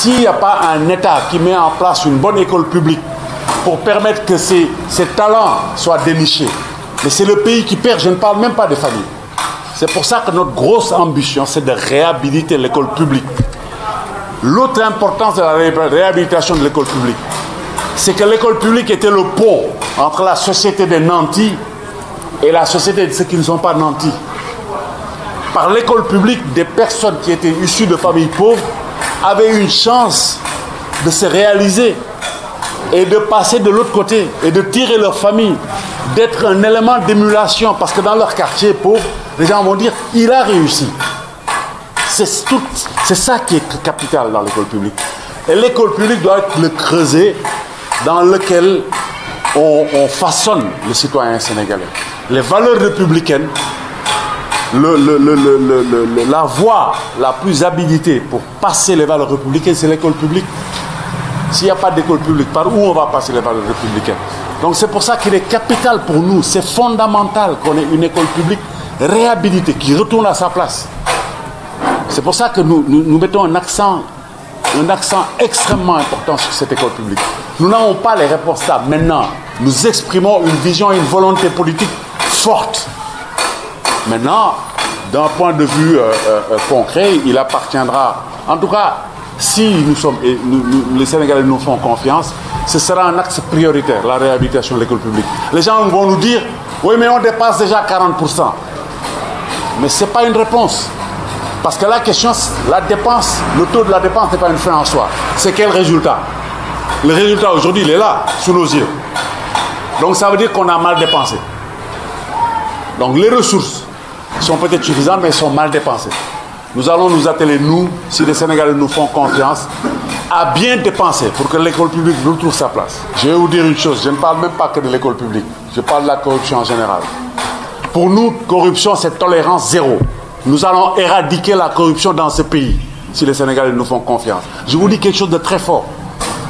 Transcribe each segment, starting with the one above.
s'il n'y a pas un État qui met en place une bonne école publique pour permettre que ces, talents soient dénichés, mais c'est le pays qui perd, je ne parle même pas des familles. C'est pour ça que notre grosse ambition, c'est de réhabiliter l'école publique. L'autre importance de la réhabilitation de l'école publique, c'est que l'école publique était le pont entre la société des nantis et la société de ceux qui ne sont pas nantis. Par l'école publique, des personnes qui étaient issues de familles pauvres avait une chance de se réaliser et de passer de l'autre côté et de tirer leur famille, d'être un élément d'émulation, parce que dans leur quartier pauvre, les gens vont dire, il a réussi. C'est tout, c'est ça qui est capital dans l'école publique. Et l'école publique doit être le creuset dans lequel on, on façonne le citoyen sénégalais. Les valeurs républicaines la voie la plus habilitée pour passer les valeurs républicaines, c'est l'école publique. S'il n'y a pas d'école publique, par où on va passer les valeurs républicaines Donc c'est pour ça qu'il est capital pour nous, c'est fondamental qu'on ait une école publique réhabilitée, qui retourne à sa place. C'est pour ça que nous, nous, mettons un accent, un accent extrêmement important sur cette école publique. Nous n'avons pas les réponses là maintenant. Nous exprimons une vision une volonté politique forte Maintenant, d'un point de vue euh, euh, euh, concret, il appartiendra. En tout cas, si nous sommes, et les Sénégalais nous font confiance, ce sera un axe prioritaire, la réhabilitation de l'école publique. Les gens vont nous dire, oui, mais on dépasse déjà 40%. Mais ce n'est pas une réponse. Parce que la question, la dépense, le taux de la dépense n'est pas une fin en soi. C'est quel résultat Le résultat aujourd'hui, il est là, sous nos yeux. Donc ça veut dire qu'on a mal dépensé. Donc les ressources sont peut-être suffisants, mais ils sont mal dépensés. Nous allons nous atteler, nous, si les Sénégalais nous font confiance, à bien dépenser pour que l'école publique nous trouve sa place. Je vais vous dire une chose, je ne parle même pas que de l'école publique, je parle de la corruption en général. Pour nous, corruption, c'est tolérance zéro. Nous allons éradiquer la corruption dans ce pays si les Sénégalais nous font confiance. Je vous dis quelque chose de très fort.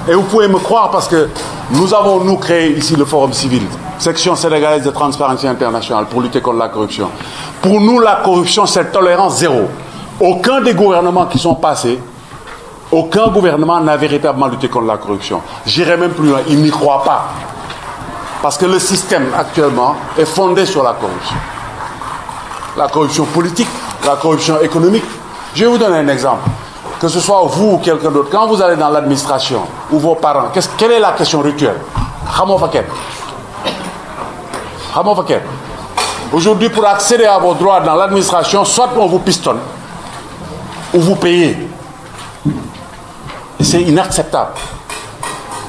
Et vous pouvez me croire parce que nous avons, nous, créé ici le Forum civil section sénégalaise de transparence internationale pour lutter contre la corruption. Pour nous, la corruption, c'est tolérance zéro. Aucun des gouvernements qui sont passés, aucun gouvernement n'a véritablement lutté contre la corruption. J'irai même plus loin, ils n'y croient pas. Parce que le système actuellement est fondé sur la corruption. La corruption politique, la corruption économique. Je vais vous donner un exemple. Que ce soit vous ou quelqu'un d'autre, quand vous allez dans l'administration ou vos parents, quelle est la question rituelle ah Aujourd'hui, pour accéder à vos droits dans l'administration, soit on vous pistonne, ou vous payez. C'est inacceptable.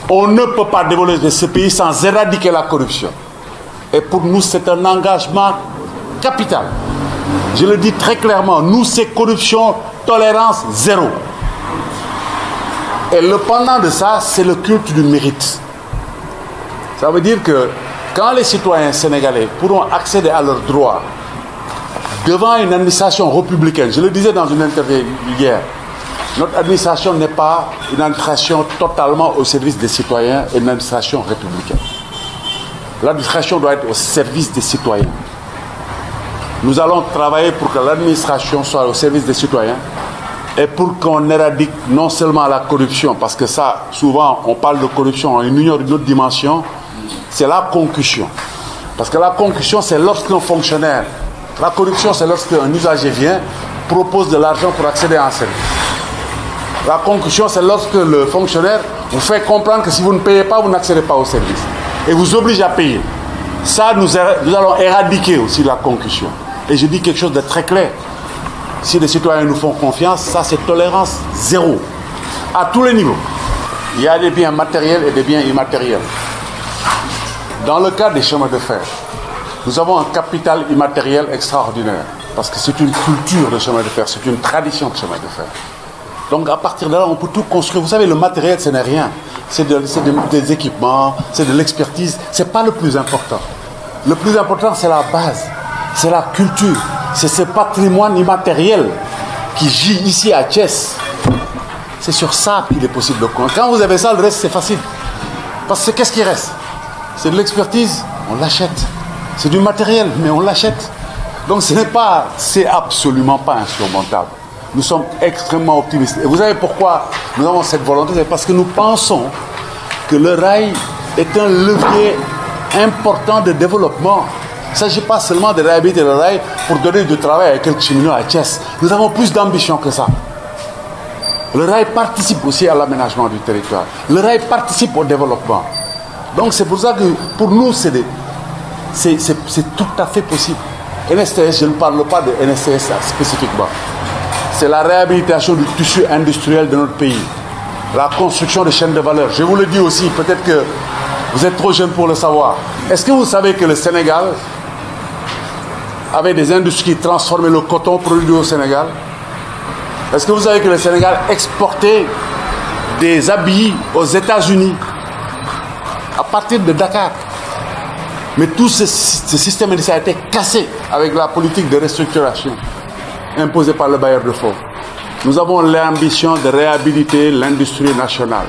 On ne peut pas de ce pays sans éradiquer la corruption. Et pour nous, c'est un engagement capital. Je le dis très clairement, nous, c'est corruption, tolérance zéro. Et le pendant de ça, c'est le culte du mérite. Ça veut dire que quand les citoyens sénégalais pourront accéder à leurs droits devant une administration républicaine, je le disais dans une interview hier, notre administration n'est pas une administration totalement au service des citoyens et une administration républicaine. L'administration doit être au service des citoyens. Nous allons travailler pour que l'administration soit au service des citoyens et pour qu'on éradique non seulement la corruption, parce que ça, souvent, on parle de corruption, une ignore une autre dimension, c'est la concussion. Parce que la concussion, c'est un fonctionnaire, la corruption, c'est lorsqu'un usager vient, propose de l'argent pour accéder à un service. La concussion, c'est lorsque le fonctionnaire vous fait comprendre que si vous ne payez pas, vous n'accédez pas au service. Et vous oblige à payer. Ça, nous, er-, nous allons éradiquer aussi la concussion. Et je dis quelque chose de très clair. Si les citoyens nous font confiance, ça c'est tolérance zéro. À tous les niveaux. Il y a des biens matériels et des biens immatériels. Dans le cas des chemins de fer, nous avons un capital immatériel extraordinaire, parce que c'est une culture de chemin de fer, c'est une tradition de chemin de fer. Donc à partir de là, on peut tout construire. Vous savez, le matériel, ce n'est rien. C'est des équipements, c'est de l'expertise. Ce n'est pas le plus important. Le plus important, c'est la base, c'est la culture, c'est ce patrimoine immatériel qui gît ici à Thiès. C'est sur ça qu'il est possible de construire. Quand vous avez ça, le reste, c'est facile. Parce que qu'est-ce qui reste c'est de l'expertise, on l'achète. C'est du matériel, mais on l'achète. Donc ce n'est pas, c'est absolument pas insurmontable. Nous sommes extrêmement optimistes. Et vous savez pourquoi nous avons cette volonté C'est parce que nous pensons que le rail est un levier important de développement. Il ne s'agit pas seulement de réhabiliter le rail pour donner du travail à quelques cheminots à Thiès. Nous avons plus d'ambition que ça. Le rail participe aussi à l'aménagement du territoire. Le rail participe au développement. Donc c'est pour ça que pour nous, c'est tout à fait possible. NSTS, je ne parle pas de NSTS spécifiquement. C'est la réhabilitation du tissu industriel de notre pays, la construction de chaînes de valeur. Je vous le dis aussi, peut-être que vous êtes trop jeune pour le savoir. Est-ce que vous savez que le Sénégal avait des industries qui transformaient le coton produit au Sénégal Est-ce que vous savez que le Sénégal exportait des habits aux États-Unis à partir de Dakar. Mais tout ce, système ça a été cassé avec la politique de restructuration imposée par le bailleur de fonds. Nous avons l'ambition de réhabiliter l'industrie nationale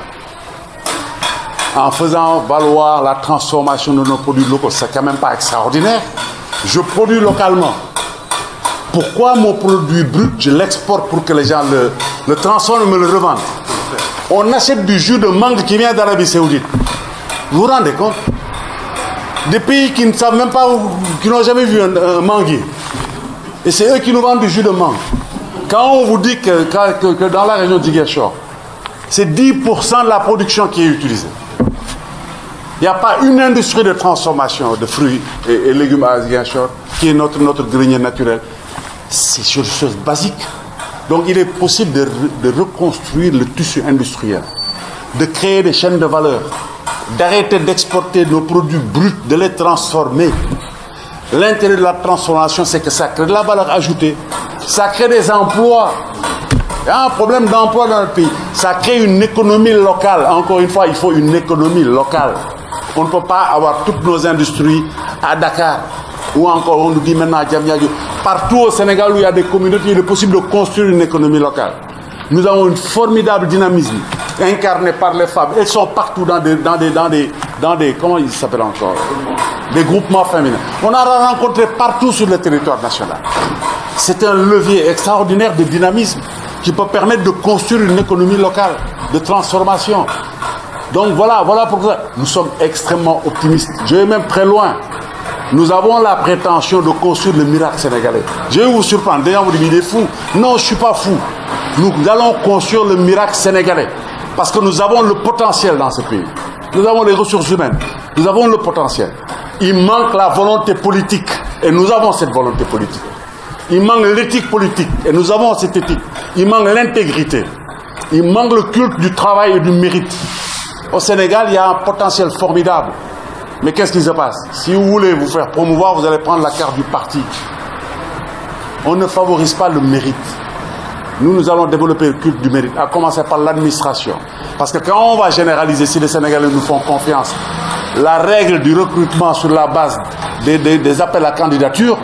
en faisant valoir la transformation de nos produits locaux. C'est quand même pas extraordinaire. Je produis localement. Pourquoi mon produit brut, je l'exporte pour que les gens le, le transforment et me le revendent On achète du jus de mangue qui vient d'Arabie Saoudite. Vous vous rendez compte Des pays qui ne savent même pas, qui n'ont jamais vu un, manguier. Et c'est eux qui nous vendent du jus de mangue. Quand on vous dit que, dans la région du Gachor, c'est 10% de la production qui est utilisée. Il n'y a pas une industrie de transformation de fruits et, légumes à Gachor, qui est notre, notre grenier naturel. C'est sur choses basique. Donc il est possible de, de reconstruire le tissu industriel, de créer des chaînes de valeur, d'arrêter d'exporter nos produits bruts, de les transformer. L'intérêt de la transformation, c'est que ça crée de la valeur ajoutée, ça crée des emplois. Il y a un problème d'emploi dans le pays. Ça crée une économie locale. Encore une fois, il faut une économie locale. On ne peut pas avoir toutes nos industries à Dakar. Ou encore, on nous dit maintenant à Partout au Sénégal où il y a des communautés, il est possible de construire une économie locale. Nous avons un formidable dynamisme incarné par les femmes. Elles sont partout dans des, dans des, dans des, dans des comment ils s'appellent encore Des groupements féminins. On a rencontré partout sur le territoire national. C'est un levier extraordinaire de dynamisme qui peut permettre de construire une économie locale de transformation. Donc voilà, voilà pourquoi nous sommes extrêmement optimistes. Je vais même très loin. Nous avons la prétention de construire le miracle sénégalais. Je vais vous surprendre. D'ailleurs, vous dites, il est fou. Non, je ne suis pas fou nous allons construire le miracle sénégalais. Parce que nous avons le potentiel dans ce pays. Nous avons les ressources humaines. Nous avons le potentiel. Il manque la volonté politique. Et nous avons cette volonté politique. Il manque l'éthique politique. Et nous avons cette éthique. Il manque l'intégrité. Il manque le culte du travail et du mérite. Au Sénégal, il y a un potentiel formidable. Mais qu'est-ce qui se passe Si vous voulez vous faire promouvoir, vous allez prendre la carte du parti. On ne favorise pas le mérite nous, nous allons développer le culte du mérite, à commencer par l'administration. Parce que quand on va généraliser, si les Sénégalais nous font confiance, la règle du recrutement sur la base des, appels à candidature,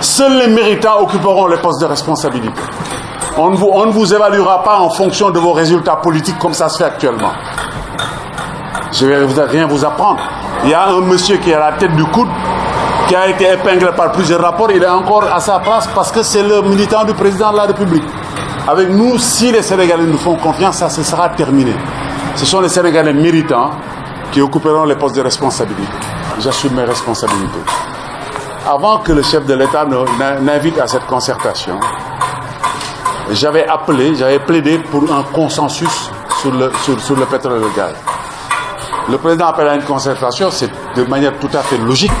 seuls les méritants occuperont les postes de responsabilité. On ne, vous, on ne vous évaluera pas en fonction de vos résultats politiques comme ça se fait actuellement. Je ne vais rien vous apprendre. Il y a un monsieur qui est à la tête du coude, qui a été épinglé par plusieurs rapports. Il est encore à sa place parce que c'est le militant du président de la République. Avec nous, si les Sénégalais nous font confiance, ça se sera terminé. Ce sont les Sénégalais méritants qui occuperont les postes de responsabilité. J'assume mes responsabilités. Avant que le chef de l'État n'invite à cette concertation, j'avais appelé, j'avais plaidé pour un consensus sur le, sur, le pétrole et le gaz. Le président appelle à une concertation, c'est de manière tout à fait logique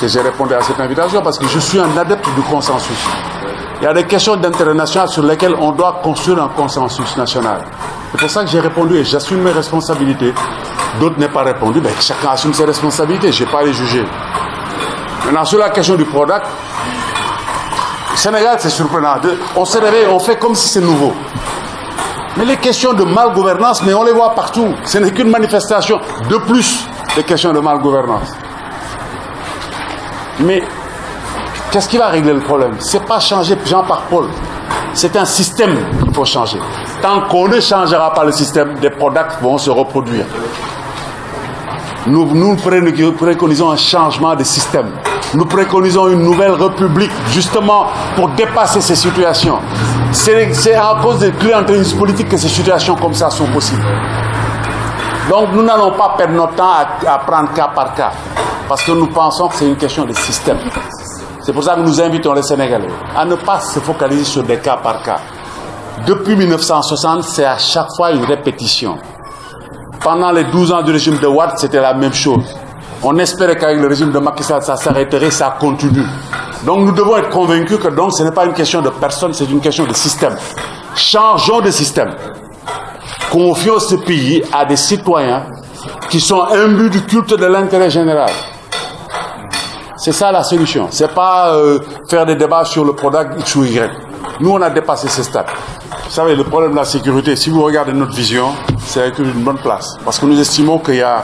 que j'ai répondu à cette invitation parce que je suis un adepte du consensus. Il y a des questions d'intérêt national sur lesquelles on doit construire un consensus national. C'est pour ça que j'ai répondu et j'assume mes responsabilités. D'autres n'ont pas répondu, mais chacun assume ses responsabilités, je n'ai pas à les juger. Maintenant, sur la question du product, Sénégal, c'est surprenant. On se réveille, on fait comme si c'est nouveau. Mais les questions de mal-gouvernance, mais on les voit partout. Ce n'est qu'une manifestation de plus des questions de mal-gouvernance. Mais Qu'est-ce qui va régler le problème Ce n'est pas changer Jean par Paul. C'est un système qu'il faut changer. Tant qu'on ne changera pas le système, des products vont se reproduire. Nous, préconisons un changement de système. Nous préconisons une nouvelle république, justement, pour dépasser ces situations. C'est à cause des les politiques que ces situations comme ça sont possibles. Donc nous n'allons pas perdre notre temps à prendre cas par cas, parce que nous pensons que c'est une question de système. C'est pour ça que nous invitons les Sénégalais à ne pas se focaliser sur des cas par cas. Depuis 1960, c'est à chaque fois une répétition. Pendant les 12 ans du régime de Ouad, c'était la même chose. On espérait qu'avec le régime de Macky Sall, ça s'arrêterait, ça continue. Donc nous devons être convaincus que donc, ce n'est pas une question de personne, c'est une question de système. Changeons de système. Confions ce pays à des citoyens qui sont imbus du culte de l'intérêt général. C'est ça la solution. C'est pas euh, faire des débats sur le product X ou Y. Nous, on a dépassé ce stade. Vous savez, le problème de la sécurité, si vous regardez notre vision, c'est avec une bonne place. Parce que nous estimons qu'il y a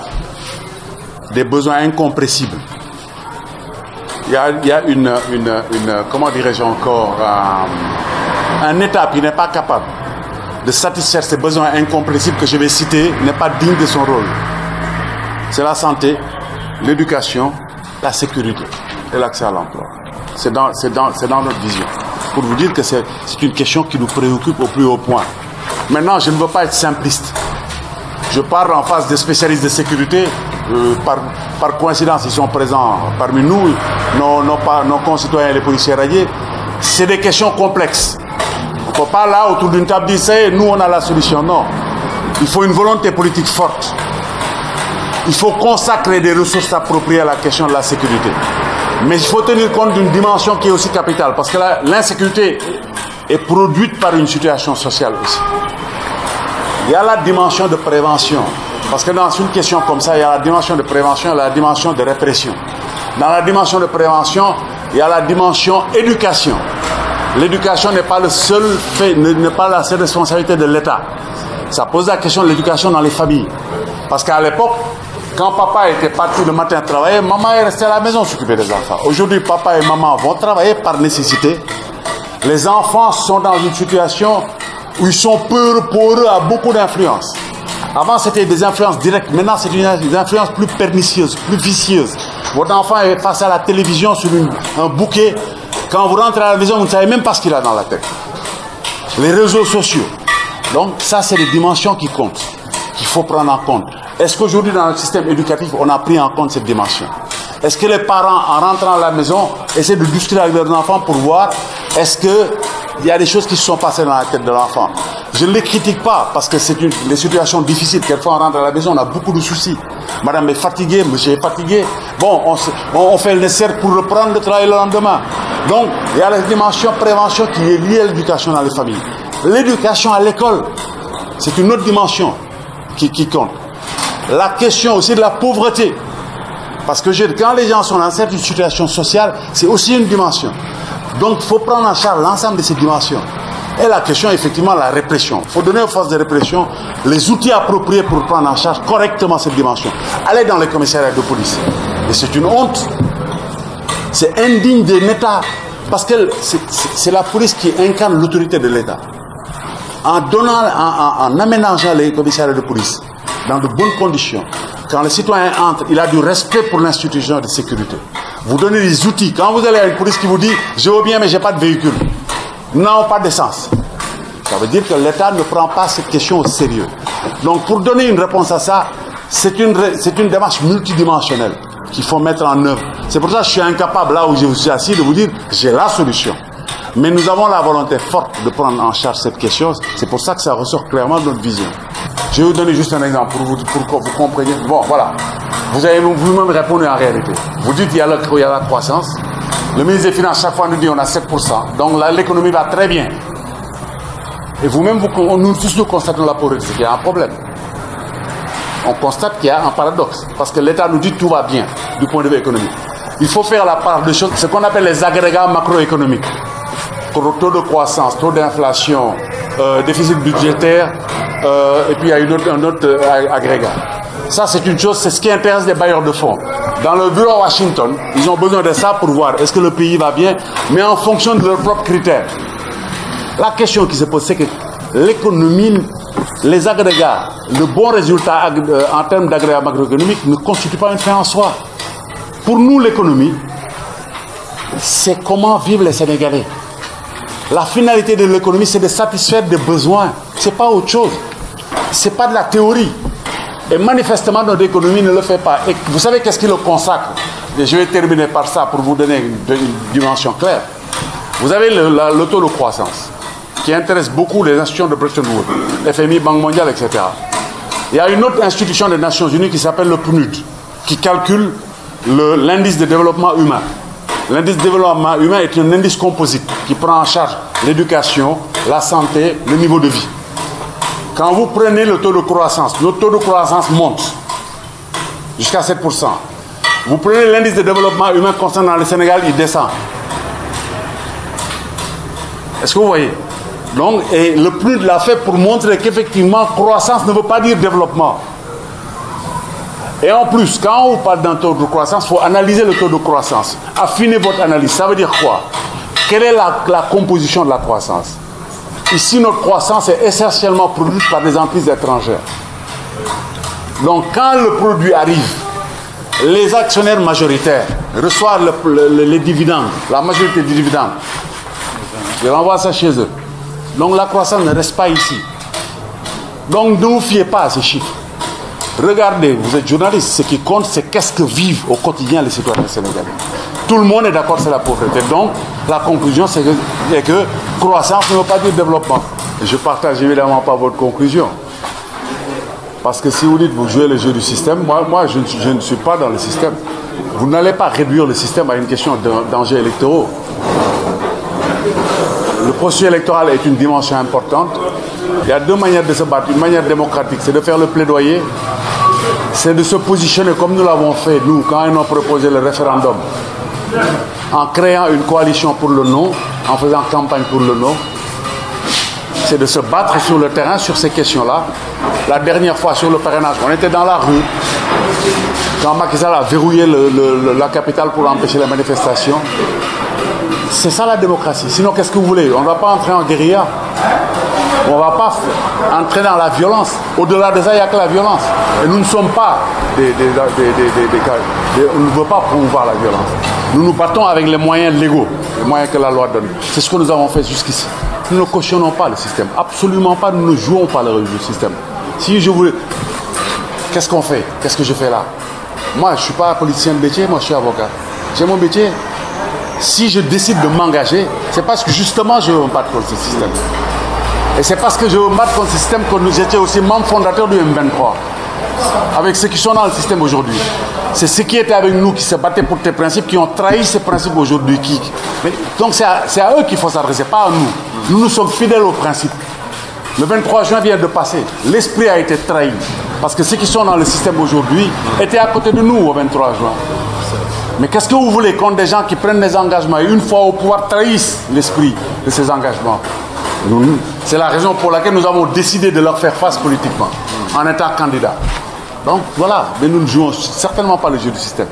des besoins incompressibles. Il y a, il y a une, une, une, comment dirais-je encore, euh, un État qui n'est pas capable de satisfaire ces besoins incompressibles que je vais citer n'est pas digne de son rôle. C'est la santé, l'éducation, la sécurité et l'accès à l'emploi. C'est dans, dans, notre vision. Pour vous dire que c'est une question qui nous préoccupe au plus haut point. Maintenant, je ne veux pas être simpliste. Je parle en face des spécialistes de sécurité. Euh, par, coïncidence, ils sont présents parmi nous, nos, nos concitoyens et les policiers radiés. C'est des questions complexes. On ne peut pas là, autour d'une table, dire nous, on a la solution. Non. Il faut une volonté politique forte il faut consacrer des ressources appropriées à la question de la sécurité. Mais il faut tenir compte d'une dimension qui est aussi capitale, parce que l'insécurité est produite par une situation sociale aussi. Il y a la dimension de prévention, parce que dans une question comme ça, il y a la dimension de prévention et la dimension de répression. Dans la dimension de prévention, il y a la dimension éducation. L'éducation n'est pas le seul fait, n'est pas la seule responsabilité de l'État. Ça pose la question de l'éducation dans les familles. Parce qu'à l'époque, quand papa était parti le matin travailler, maman est restée à la maison s'occuper des enfants. Aujourd'hui, papa et maman vont travailler par nécessité. Les enfants sont dans une situation où ils sont peur pour eux à beaucoup d'influences. Avant, c'était des influences directes. Maintenant, c'est une influence plus pernicieuse, plus vicieuse. Votre enfant est face à la télévision sur un bouquet. Quand vous rentrez à la maison, vous ne savez même pas ce qu'il a dans la tête. Les réseaux sociaux. Donc, ça, c'est les dimensions qui comptent qu'il faut prendre en compte. Est-ce qu'aujourd'hui, dans le système éducatif, on a pris en compte cette dimension Est-ce que les parents, en rentrant à la maison, essaient de discuter avec leurs enfants pour voir est-ce qu'il y a des choses qui se sont passées dans la tête de l'enfant Je ne les critique pas parce que c'est une situations difficiles. Quelquefois, on rentre à la maison, on a beaucoup de soucis. Madame est fatiguée, monsieur est fatigué. Bon, on, on fait le nécessaire pour reprendre le travail le lendemain. Donc, il y a la dimension prévention qui est liée à l'éducation dans les familles. L'éducation à l'école, c'est une autre dimension qui, compte. La question aussi de la pauvreté. Parce que quand les gens sont dans cette situation sociale, c'est aussi une dimension. Donc il faut prendre en charge l'ensemble de ces dimensions. Et la question, effectivement, la répression. Il faut donner aux forces de répression les outils appropriés pour prendre en charge correctement cette dimension. Allez dans les commissariats de police. Et c'est une honte. C'est indigne d'un État. Parce que c'est la police qui incarne l'autorité de l'État en, aménageant les commissariats de police dans de bonnes conditions, quand le citoyen entre, il a du respect pour l'institution de sécurité. Vous donnez des outils. Quand vous allez à une police qui vous dit Je veux bien, mais je n'ai pas de véhicule, non, pas d'essence. Ça veut dire que l'État ne prend pas cette question au sérieux. Donc, pour donner une réponse à ça, c'est une, une démarche multidimensionnelle qu'il faut mettre en œuvre. C'est pour ça que je suis incapable, là où je suis assis, de vous dire J'ai la solution. Mais nous avons la volonté forte de prendre en charge cette question. C'est pour ça que ça ressort clairement de notre vision. Je vais vous donner juste un exemple pour, vous, que vous compreniez. Bon, voilà. Vous avez vous-même répondu en réalité. Vous dites qu'il y, a il y a la croissance. Le ministre des Finances, chaque fois, nous dit on a 7%. Donc l'économie va très bien. Et vous-même, vous, nous tous, nous constatons la pauvreté. Il y a un problème. On constate qu'il y a un paradoxe. Parce que l'État nous dit tout va bien du point de vue économique. Il faut faire la part de choses, ce qu'on appelle les agrégats macroéconomiques taux de croissance, taux d'inflation, euh, déficit budgétaire, euh, et puis il y a une un autre euh, agrégat. Ça, c'est une chose, c'est ce qui intéresse les bailleurs de fonds. Dans le bureau à Washington, ils ont besoin de ça pour voir est-ce que le pays va bien, mais en fonction de leurs propres critères. La question qui se pose, c'est que l'économie, les agrégats, le bon résultat en termes d'agrégats macroéconomiques ne constitue pas une fin en soi. Pour nous, l'économie, c'est comment vivent les Sénégalais. La finalité de l'économie, c'est de satisfaire des besoins. Ce n'est pas autre chose. Ce n'est pas de la théorie. Et manifestement, notre économie ne le fait pas. Et vous savez qu'est-ce qui le consacre je vais terminer par ça pour vous donner une, dimension claire. Vous avez le, taux de croissance qui intéresse beaucoup les institutions de Bretton Woods, FMI, Banque mondiale, etc. Il y a une autre institution des Nations Unies qui s'appelle le PNUD, qui calcule l'indice de développement humain. L'indice développement humain est un indice composite qui prend en charge l'éducation, la santé, le niveau de vie. Quand vous prenez le taux de croissance, le taux de croissance monte jusqu'à 7%. Vous prenez l'indice de développement humain concernant le Sénégal, il descend. Est-ce que vous voyez Donc, et le plus de l'a fait pour montrer qu'effectivement, croissance ne veut pas dire développement. Et en plus, quand on parle d'un taux de croissance, il faut analyser le taux de croissance. Affinez votre analyse. Ça veut dire quoi Quelle est la, composition de la croissance Ici, notre croissance est essentiellement produite par des entreprises étrangères. Donc, quand le produit arrive, les actionnaires majoritaires reçoivent les dividendes, la majorité des dividendes. Ils renvoient ça chez eux. Donc, la croissance ne reste pas ici. Donc, ne vous fiez pas à ces chiffres. Regardez, vous êtes journaliste, ce qui compte, c'est qu'est-ce que vivent au quotidien les citoyens sénégalais. Tout le monde est d'accord, c'est la pauvreté. Donc, la conclusion, c'est que, croissance ne veut pas dire développement. Je je partage évidemment pas votre conclusion. Parce que si vous dites que vous jouez le jeu du système, moi, je, ne, je ne suis pas dans le système. Vous n'allez pas réduire le système à une question d'enjeux électoraux. Le processus électoral est une dimension importante. Il y a deux manières de se battre. Une manière démocratique, c'est de faire le plaidoyer c'est de se positionner comme nous l'avons fait, nous, quand ils ont proposé le référendum, en créant une coalition pour le non, en faisant campagne pour le non, c'est de se battre sur le terrain sur ces questions-là. La dernière fois sur le parrainage, on était dans la rue quand Macky a verrouillé la capitale pour empêcher les manifestations. C'est ça la démocratie. Sinon, qu'est-ce que vous voulez On ne va pas entrer en guérilla. On ne va pas entraîner la violence. Au-delà de ça, il n'y a que la violence. Et nous ne sommes pas des, On ne veut pas promouvoir la violence. Nous nous battons avec les moyens légaux, les moyens que la loi donne. C'est ce que nous avons fait jusqu'ici. Nous ne cautionnons pas le système. Absolument pas. Nous ne jouons pas le système. Si je voulais... Qu'est-ce qu'on fait Qu'est-ce que je fais là Moi, je ne suis pas un politicien de métier, moi, je suis avocat. J'ai mon métier. Si je décide de m'engager, c'est parce que justement, je ne veux pas trop contre ce système. Et c'est parce que je veux battre contre système que nous étions aussi membres fondateurs du M23, avec ceux qui sont dans le système aujourd'hui. C'est ceux qui étaient avec nous, qui se battaient pour tes principes, qui ont trahi ces principes aujourd'hui. Donc c'est à, à, eux qu'il faut s'adresser, pas à nous. Nous, nous sommes fidèles aux principes. Le 23 juin vient de passer. L'esprit a été trahi. Parce que ceux qui sont dans le système aujourd'hui étaient à côté de nous au 23 juin. Mais qu'est-ce que vous voulez quand des gens qui prennent des engagements et une fois au pouvoir trahissent l'esprit de ces engagements c'est la raison pour laquelle nous avons décidé de leur faire face politiquement, en étant candidat. Donc voilà, mais nous ne jouons certainement pas le jeu du système.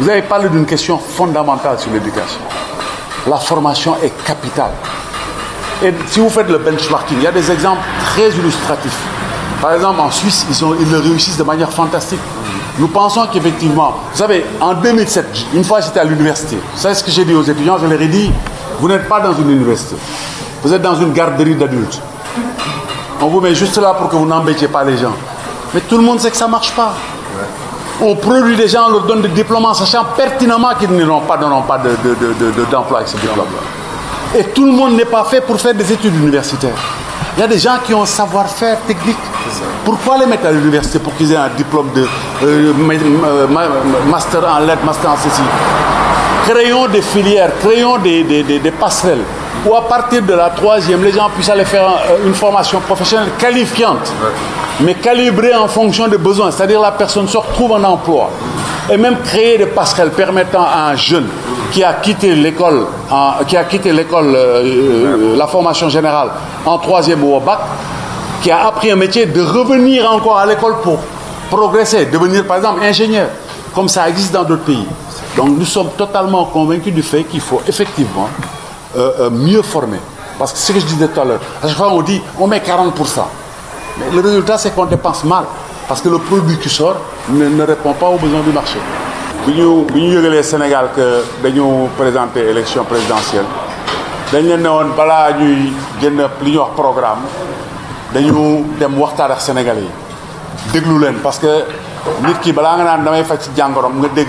Vous avez parlé d'une question fondamentale sur l'éducation. La formation est capitale. Et si vous faites le benchmarking, il y a des exemples très illustratifs. Par exemple, en Suisse, ils, réussissent de manière fantastique. Nous pensons qu'effectivement, vous savez, en 2007, une fois j'étais à l'université, vous savez ce que j'ai dit aux étudiants Je leur ai dit, vous n'êtes pas dans une université. Vous êtes dans une garderie d'adultes. On vous met juste là pour que vous n'embêtiez pas les gens. Mais tout le monde sait que ça ne marche pas. On produit des gens, on leur donne des diplômes en sachant pertinemment qu'ils n'auront pas, pas d'emploi de, de, avec Et tout le monde n'est pas fait pour faire des études universitaires. Il y a des gens qui ont un savoir-faire technique. Pourquoi les mettre à l'université pour qu'ils aient un diplôme de euh, master en lettres, master en ceci Créons des filières, créons des, des passerelles. Ou à partir de la troisième, les gens puissent aller faire euh, une formation professionnelle qualifiante, mais calibrée en fonction des besoins, c'est-à-dire la personne se retrouve en emploi, et même créer des passerelles permettant à un jeune qui a quitté l'école, qui a quitté l'école, euh, euh, la formation générale en troisième ou au bac, qui a appris un métier, de revenir encore à l'école pour progresser, devenir par exemple ingénieur, comme ça existe dans d'autres pays. Donc nous sommes totalement convaincus du fait qu'il faut effectivement euh, euh, mieux formés. Parce que ce que je disais tout à l'heure, à chaque fois on dit on met 40%. Mais le résultat c'est qu'on dépense mal. Parce que le produit qui sort ne, répond pas aux besoins du marché. nous, ñu bi Sénégal que nous présenter élection présidentielle nous avons ne woon balaa li wax programme Sénégalais parce que nit ki qui nga fait damay faj ci nga dégg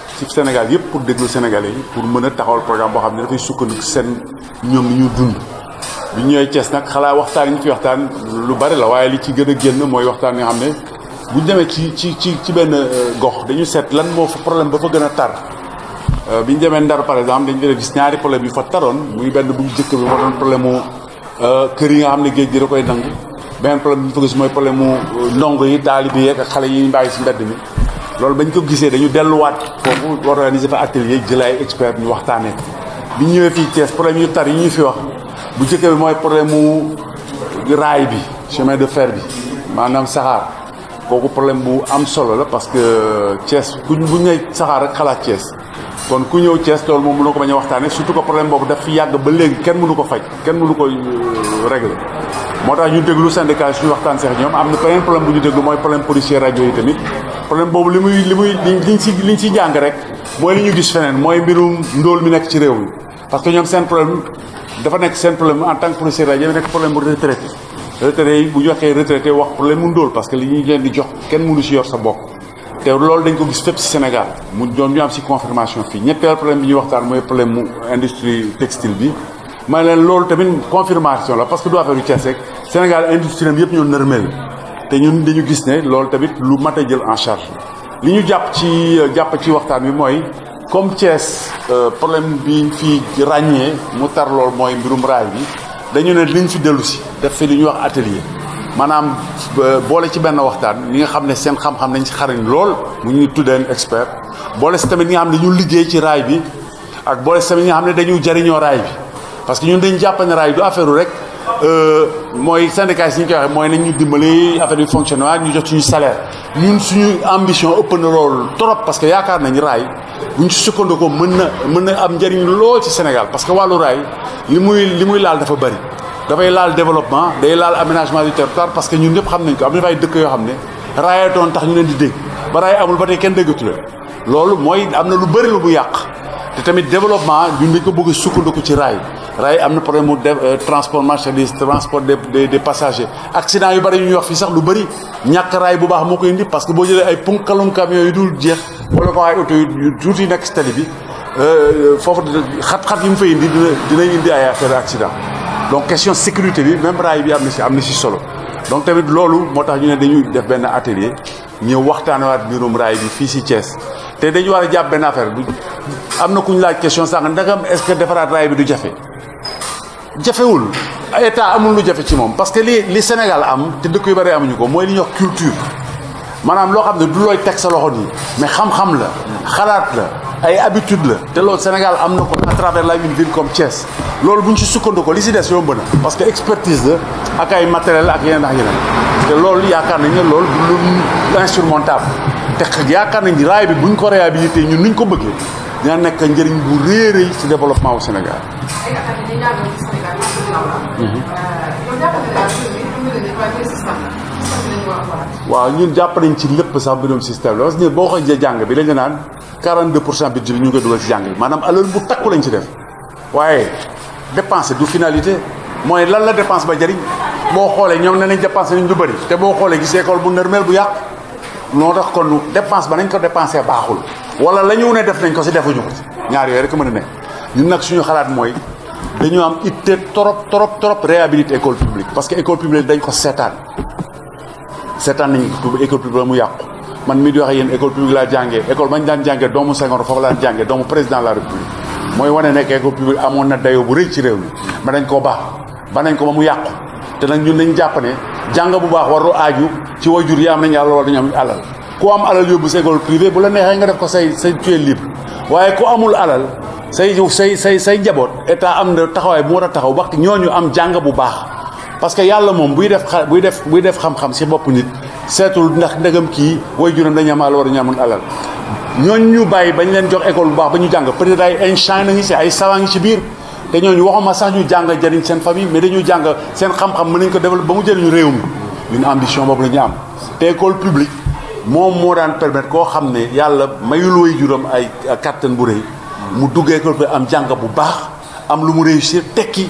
ci Sénégal yëpp pour déglu Sénégalais yi pour mën a taxawal programme boo xam ne dafay sukkandiku seen ñoom li ñu dund. bi ñëwee cees nag xalaa waxtaan yi ñu ci waxtaan lu bari la waaye li ci gën a génn mooy waxtaan yi xam ne bu ñu demee ci ci ci benn euh, gox dañu seet lan moo fa problème ba fa gën a tar. Euh, bi ñu demee Ndar par exemple dañu gis ñaari problème yi fa taroon muy benn bu jëkk bi moo doon problème mu euh, kër yi nga xam ne géej gi da koy nangu beneen problème bi ñu fa gis mooy problème mu ndongo yi taalibe yi ak xale yi bàyyi si mbedd mi. lolou bañ ko gisé dañu delluwaat foofu organiser fa atelier jël ay expert ñu waxtané bi ñëw fi Thiès problème yu tar yi ñu fi wax bu jëkke bi moy problème wu ray bi chemin de fer bi manam sahar kooku problème bu am solo la parce que Thiès ku bu ñëw sahar rek xalaat Thiès kon ku ñëw Thiès loolu moom mënu ko bañ waxtané surtout ko problème boobu daf fi yag ba léegi kenn mënu ko fajj kenn mënu ko euh, régler motax tax ñu déglu syndicat suñu waxtaan sax ñom amna na beneen problème bu ñu déglu moy problème policier radio yi tamit problème boobu li muy li muy li si liñ si jàng rek mooy li ñu gis feneen mooy mbirum ndóol mi nekk ci réew mi parce que ñoom seen problème dafa nekk seen problème en tant que professeur la yéen nekk problème bu retraité retraité yi bu ñu waxee retraité wax problème mu ndóol parce que li ñuy leen di jox kenn munu si yor sa bopp te loolu dañ ko gis fépp si Sénégal mu doon ñu am si confirmation fii ñetteel problème bi ñuy waxtaan mooy problème mu industrie textile bi may leen loolu tamit confirmation la parce que du affaire yu Thiès rek Sénégal industrie yëpp ñoo nërmeel te ñun dañu gis ne loolu tamit lu mat a jël en charge li ñu jàpp ci jàpp ci waxtaan wi mooy comme Thiès euh, problème bi fi ràññee mu tar lool mooy mbirum raay bi dañu ne li ñu fi dellu si def fi li ñuy wax atelier maanaam boole ci benn waxtaan ñi nga xam ne seen xam-xam nañ ci xarañ lool mu ñuy tuddeen expert boole si tamit ñi nga xam ne ñu liggéey ci raay bi ak boole si tamit ñi xam ne dañu jariñoo raay bi parce que ñun dañu jàpp ne raay du affaire rek Euh, mooy syndicat yi si ñu koy waxee mooy nañ ñu dimbali affaire yu fonctionnement ñu jot suñu salaire ñun suñu ambition ëpp na loolu trop parce que yaakaar nañu raay bu ñu si ko mën na mën am jariñ lool ci Sénégal parce que walu ray li muy li muy laal dafa bëri dafay laal développement day laal aménagement du territoire parce que ñun ñëpp xam nañ ko am na fay dëkk yo xamné ne raayatoon tax ñu leen di dégg ba ray amul ba tey kenn déggatu leen loolu mooy am lu bëri lu bu yaq té tamit développement ñun dañ ko bëgg a ko ci ray Ray, am na problème mu euh, transport marchandise transport des des passagers accident yu bari ñu wax fi sax lu bari ñak ray bu baax moko indi parce que bo jëlee ay punkalum camion yu dul jeex wala ko ay oto yu tuuti nekk si bi euh fofu xat-xat yi mu fay indi dina dinañ indi ay affaire accident donc question sécurité bi même Ray bi am na si am na solo donc tamit loolu motax ñu ne dañuy def de atelier ñu avons mbirum raay bi fi ci Thiès té dañu wara affaire bu amna kuñ question sax ndagam est-ce que defaraat raay bi du jafé état amul lu jafé ci parce que li li Sénégal am te dëkk yu bari amuñu ko li culture manam lo xamné du loy sa loxo mais xam-xam la xalaat la ay habitude la té Sénégal amna à travers une ville comme Thiès lool ce ci li parce que expertise la ak ay matériel ak ak yeneen té lool yaakaar nañ ne du té yaakaar nañ raay ko réhabiliter ñun nuñ ko bu développement au Sénégal. waaw ñun jàpp nañ ci lépp sax mbirum système la parce que boo xoy jàng bi dañu naan 42 pour cent budget bi ñu ngi koy dugal ci jàng bi maanaam alors bu takku lañ ci def waaye dépense du finalité mooy lan la dépense ba jëriñ boo xoolee ñoom ne nañ dépense nañ lu bëri te boo xoolee gis école bu nërmeel bu yàq moo tax kon dépense ba nañ ko dépensé baaxul wala la ñu ne def nañ ko si defuñu ko ñaar yooyu rek mën a ñun nag suñu xalaat mooy dañu am itte trop trop trop réhabilité école publique parce que école publique dañ ko seetaan seetaan nañu école publique mu yàqu man mi di wax yeen école publique la jangé école bañ dan jangé doomu Senghor fofu la jangé doomu président la république moy wone nek école publique amone dayo bu reuy ci rew mi ma dañ ko baax ba nañ ko ba mu yàqu té nak ñun dañ japp né jang bu baax waru aaju ci wajur yi am nañu alal wala dañu am alal ko am alal yobu sa école privée bu la nexé nga def ko say say tué libre waye ko amul alal say say say say jabot état am na taxaway mo ra taxaw wax ñoñu am jang bu baax parce que yàlla moom buy def xa buy def buy def xam-xam si bopp nit seetul ndax ndegam kii way juróom dañu am alal war a ñu amul alal ñooñu ñu bàyyi bañ leen jox école bu baax ba ñu jàng peut être ay Einstein a ngi si ay savant ngi si biir te ñooñu waxuma sax ñu jàng jariñ seen famille mais dañu jàng seen xam-xam mën nañ ko développer ba mu jëriñu réew mi ñun ambition boobu la ñu am te école publique moom moo daan permettre koo xam ne yàlla mayul way juróom ay kattan bu rëy mu duggee école am jàng bu baax am lu mu réussir tekki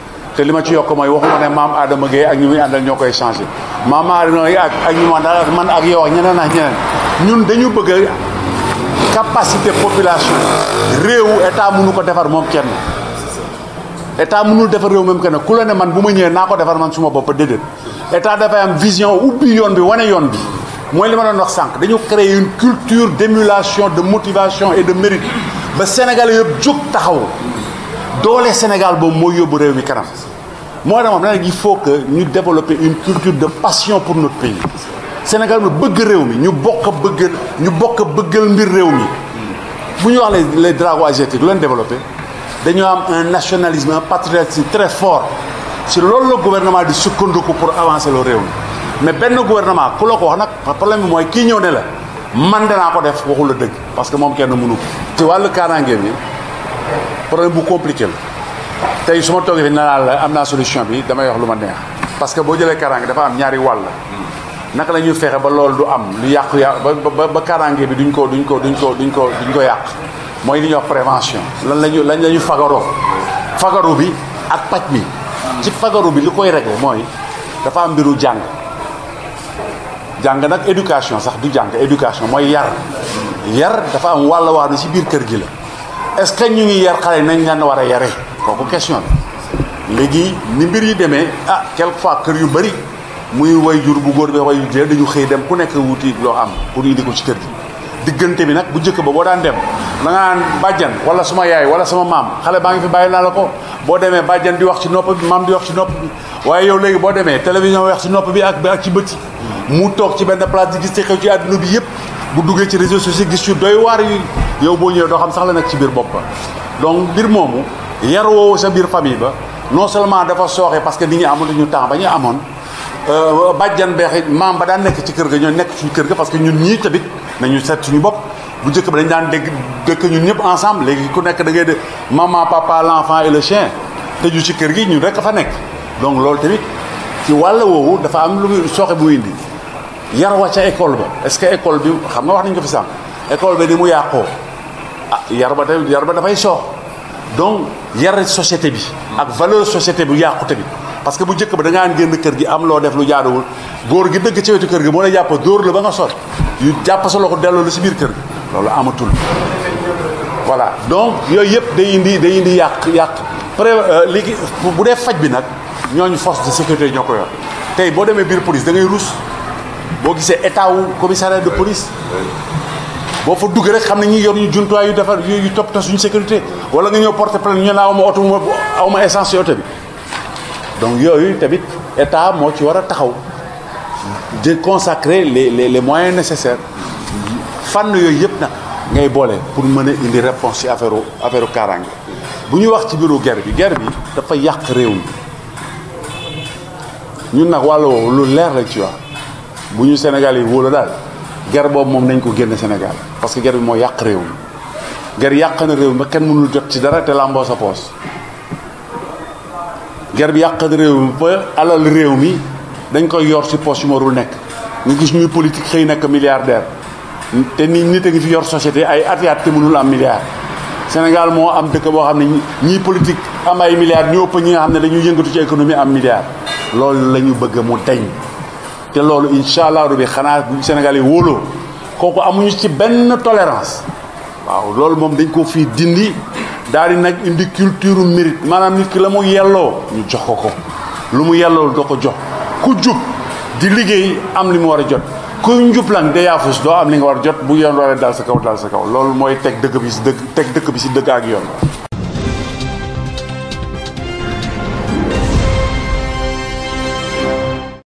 te li ma ci yokk mooy waxuma ne maam Adama Gueye ak ñu muy àndal ñoo koy changé maam Adama Gueye ak ak ñu mu ak man ak yow ak ñeneen ak ñeneen ñun dañu bëgg capacité population réewu état mënu ko defar moom kenn état mënul defar réew moom kenn ku la ne man bu ma ñëwee naa ko defar man suma bopp déedéet état dafay am vision ubbi yoon bi wane yoon bi mooy li ma doon wax sànq dañu créer une culture d'émulation de motivation et de mérite ba Sénégalais yëpp jóg taxaw le Sénégal boobu moo yóbbu réew mi kanam je ma il faut que nous développions une culture de passion pour notre pays Sénégal veut bëgg réunir. Nous ñu bokk nous Pour ñu bokk a les les drapeaux asiatiques Nous leen développé un nationalisme un patriotisme très fort C'est loolu le gouvernement di sukkandiku pour avancer le réunir. Mais mais le gouvernement ku la ko wax nag problème bi mooy kii ñëw ne la man un ko def waxul la parce que moom kenn mënu vois ci cas kaaraange problème bu compliqué la tay suma togué na la amna solution bi dama wax luma neex parce que bo jëlé karang dafa am ñaari wal nak lañu fexé ba lool du am lu yaq yà ba karangé bi duñ ko duñ ko duñ ko duñ ko duñ ko yaq moy li ñuy wax prévention lan lañu lañ lañu fagaro fagaro bi ak pat mi ci fagaro bi likoy réglé dafa am biru jang jang nak éducation sax du jang éducation moy yar yar dafa am wala wala ci bir kër gi la est-ce que ñu ngi yar xale yi nañ leen war a yare kooku question bi léegi ni mbir yi demee ah quelquefois kër yu bëri muy way jur bu góor bi way jur dañu xëy dem ku nekk wuti loo am pour indi ko ci kër gi diggante bi nag bu njëkk ba boo daan dem da ngaan bàjjan wala suma yaay wala sama maam xale baa ngi fi bàyyi naa la ko boo demee bàjjan di wax ci nopp bi maam di wax ci nopp bi waaye yow léegi boo demee télévision wax ci nopp bi ak ak ci bëti mu toog ci benn place di gis ci xew ci àdduna bi yëpp bu duggé ci réseaux sociaux gis ci doy war yi yow bo ñëw do xam sax la nak ci bir bop donc bir momu yar wo sa bir famille ba non seulement dafa soxé parce que nit ñi ñu temps ba amone euh badjan bex maam ba da nekk ci kër ga ñoo nekk ci kër ga parce que ñun ñi tabit nañu ci ñu bop bu jëk ba dañ daan dégg dëkk ñun ñëpp ensemble légui ku nekk da ngay de maman papa l'enfant et le chien ju ci kër gi ñu rek fa nekk donc lool tamit ci walla woowu dafa am lu soxé bu indi yar wa ca école ba est-ce que école bi xam nga wax nañu ko fi sànq école bi ni mu yàqoo ah yar ba tamit yar ba dafay soox donc yar société bi. ak valeur société bu yàqu bi parce que bu njëkk ba da ngaa génn kër gi am loo def lu jaaduwul góor gi dëgg ci wetu kër gi moo lay jàpp dóor la ba nga sot yu jàpp sa loxo delloo la si biir kër gi loolu amatul. voilà donc yooyu yëpp day indi day indi yàq yàq pré euh, léegi bu dee faj bi nag ñooñu force de sécurité ñoo ko yor tey boo demee biir police da rus. boo gisee état wu commissariat de police boo fa duggee rek xam ne ñi yor ñu juntuwaay yu defar top toppatoo suñu sécurité wala nga ñëw porter plainte ñu ne aw ma oto aw ma essence si oto bi donc yooyu tamit état moo ci war a taxaw di consacrer les les les moyens nécessaires fànn yooyu yëpp na ngay bolé pour mën a indi réponse ci affaire affaire kaaraange bu ñu wax ci biiru guerre bi guerre bi dafa yàq réew mi ñun nag wàllu woowu lu leer lañ ci bu ñu Sénégal yi wóola daal ger boobu moom nañ ko génne Sénégal parce que ger bi moo yàq réew mi ger yàq na réew mi ba kenn mënul jot ci dara te làmboo sa poos ger bi yàq na réew mi ba alal réew mi dañ koy yor ci poos yu marul nekk nga gis ñuy politique xëy nekk milliardaire te nit nit a ngi fi yor société ay at yaat te mënul am milliard Sénégal moo am dëkk boo xam ne ñii politique am ay milliards ñu ëpp ñi nga xam ne dañuy yëngatu ci économie am milliard loolu la ñu bëgg mu deñ te loolu incha allah rubi xanaa bu Sénégal kooku amuñu ci benn tolérance waaw loolu moom dañ ko fii dindi daal di nag indi culture mérite maanaam nit ki la mu yelloo ñu jox ko ko lu mu yelloo doo ko jox ku jub di liggéey am li mu war a jot ku njublan de yaafus doo am li nga war a jot bu yoon war a dal sa kaw dal sa kaw loolu mooy teg dëkk bi si teg dëkk bi si dëkk ak yoon